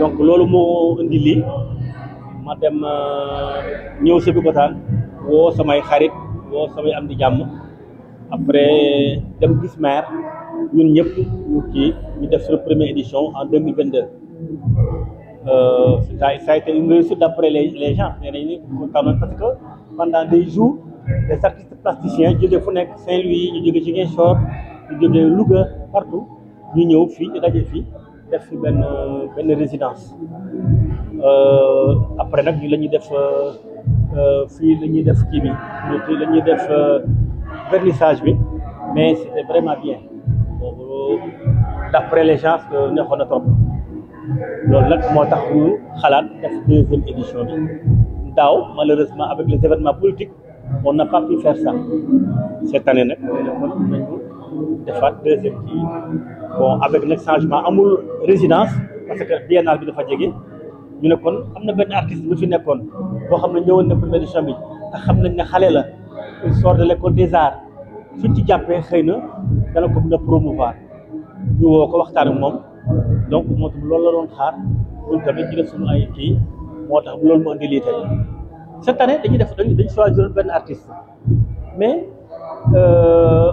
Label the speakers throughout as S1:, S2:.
S1: donc loolu mo indi li ma dem euh, ñëw Sébikotane wo samay xarit wo samay am di jamm après dem gis maire ñun ñëpp ñu ki ñu def sur première édition en 2022 euh, ça a été une réussite d'après les gens parce que pendant des jours les artistes plasticiens jóge ont nekk Saint-Louis ñu jóge Ziguinchor ñu jóge Louga partout ñu ont fait des filles, def ben ben une résidence euh, après nak ñu la ñuy def euh, fi ñuy def kii bi ñuy def euh, vernissage bi mais c'était vraiment bien d'après les gens neexoon na trop le nak moo tax ñu xalat def deuxième édition bi malheureusement avec les événements politiques on n'a pas pu faire ça cette année nak defaat deuxième kii bon avec nag changement amul résidence parce que biennale bi dafa jege ñu ne kon am na benn artiste bu fi nekkoon boo xam ne ñëwoon na première édition bi te xam nañ ne xale la il sort de l'école des arts suñ ci jàppee xëy na dana ko mën a promouvoir ñu woo ko waxtaan ak moom donc moo tax loolu la doon xaar ñun tamit ñu def suñu ay kii moo tax loolu mu indi lii tey cette année dañuy def dañuy dañu choisir benn artiste mais. Euh,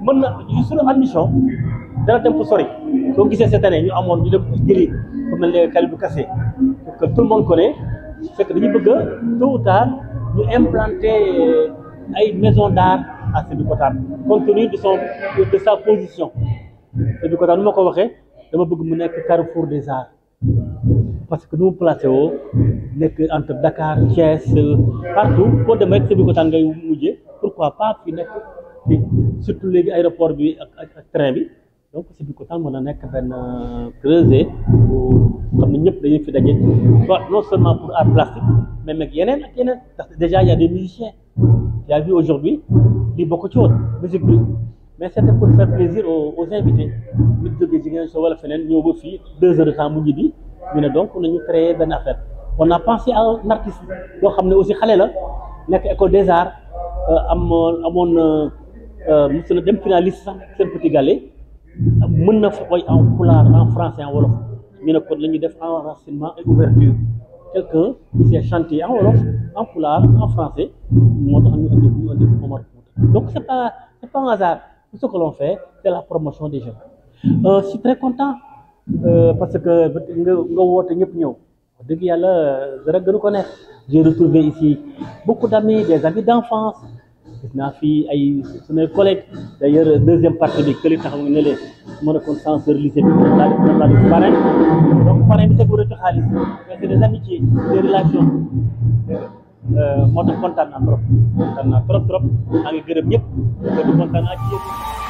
S1: man na suñu admission dara dem fu sori soo gisee cette année ñu amoon ñu dem jëli ku mel ne Kalidou cassé pour que tout le monde connaît c'est que dañu bëgg a tôt ou tard ñu implanter ay maison d'art à Sébikotane compte tenu de son de sa position Sébikotane nu ma ko waxee dama bëgg mu nekk carrefour des arts parce que nous mu placé woo entre Dakar Thiès partout pour demee Sébikotane ngay mujjee pourquoi pas fi nekk surtout les aéroport bi ak ak train bi donc c'est du côté, tax mën que ben euh, creusé. Comme bu xam ne ñëpp fi non seulement pour art plastique mais nag yeneen ak yeneen ndax déjà y a des musiciens qui a vu aujourd'hui a beaucoup de choses musique plus mais c'était pour faire plaisir aux invités nit jógee jigéen soo wala feneen ñëw ba deux heures de temps mu ngi bi donc nañu créer affaire on a pensé à un artiste Donc on aussi Khalil la nekk des arts euh, am euh, amoon euh, na dem finaliste sax seen petit galle mën na fooy en couleur, en français en wolof ñu ne kon la ñu def enracinement et ouverture quelqu'un qui sait chanter en wolof en couleur, en français moo tax ñu indi ñu indi Omar donc c'est pas c'est pas un hasard tout ce que l'on fait c'est la promotion des jeunes euh, je suis très content euh, parce que nga nga woote ñëpp ñëw wax dëgg yàlla dara gënu ko neex j'ai retrouvé ici beaucoup d'amis des amis d'enfance gis naa fi ay suñuy collègues d'ailleurs deuxième partie bi këli taxaw nga leen su ma nekkoon censeur lycée bi mën naa def mën naa def parrain donc parrain bi tegu rëcc xaalis mais c'est des amitiés des relations euh, moo tax kontaan naa trop kontaan trop trop maa ngi gërëm ñëpp gërëm kontaan naa